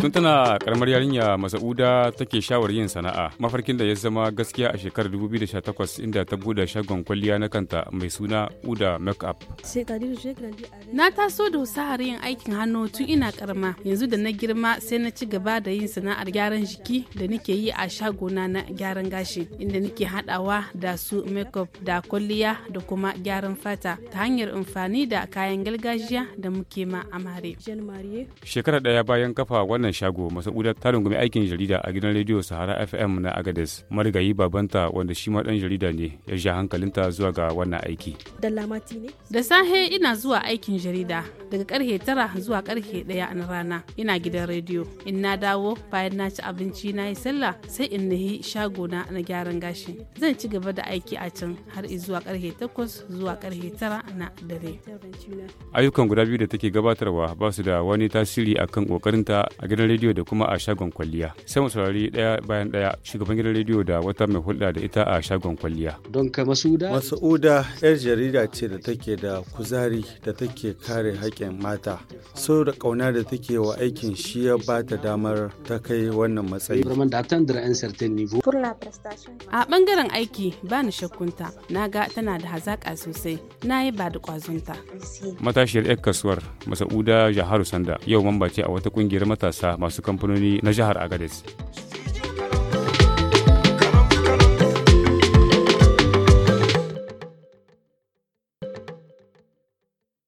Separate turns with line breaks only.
Tun tana karamar yarinya Masa'uda take shawar yin sana'a mafarkin da ya zama gaskiya a shekarar 2018 inda ta bude shagon kwalliya na kanta mai suna Uda Makeup.
Na taso da husahar yin aikin hannu tun ina karama yanzu da na girma sai na ci gaba da yin sana'ar gyaran jiki da nake yi a shagona na gyaran gashi inda nake hadawa da su makeup da kwalliya da kuma gyaran fata ta hanyar amfani da kayan gargajiya da muke ma amare.
Shekara daya bayan kafa wannan wannan shago masa'udar ta rungumi aikin jarida a gidan rediyo sahara fm na agades marigayi babanta wanda shi ma dan jarida ne ya sha hankalinta zuwa ga wannan aiki
da sahe ina zuwa aikin jarida daga karhe tara zuwa karhe daya na rana ina gidan rediyo in na dawo bayan na ci abinci na yi sallah sai in nahi shago na na gyaran gashi zan ci gaba da aiki a can har zuwa karhe takwas zuwa karhe tara na dare
ayyukan guda biyu da take gabatarwa ba su da wani tasiri akan kokarinta a gidan gidan rediyo da kuma a shagon kwalliya. Sai mu saurari daya bayan daya shugaban gidan rediyo da wata mai hulɗa da ita a shagon kwalliya.
Don ka Masuda? Masuda yar jarida ce da take da kuzari da take kare haƙƙin mata. So da ƙauna da take wa aikin shi ya ba ta damar ta kai wannan matsayi.
A bangaren aiki ba ni shakkunta, na ga tana da hazaƙa sosai, na yi ba da ƙwazonta.
Matashiyar 'yar kasuwar Masauda Jaharu Sanda yau mamba ce a wata ƙungiyar matasa masu kamfanoni na jihar Agadez.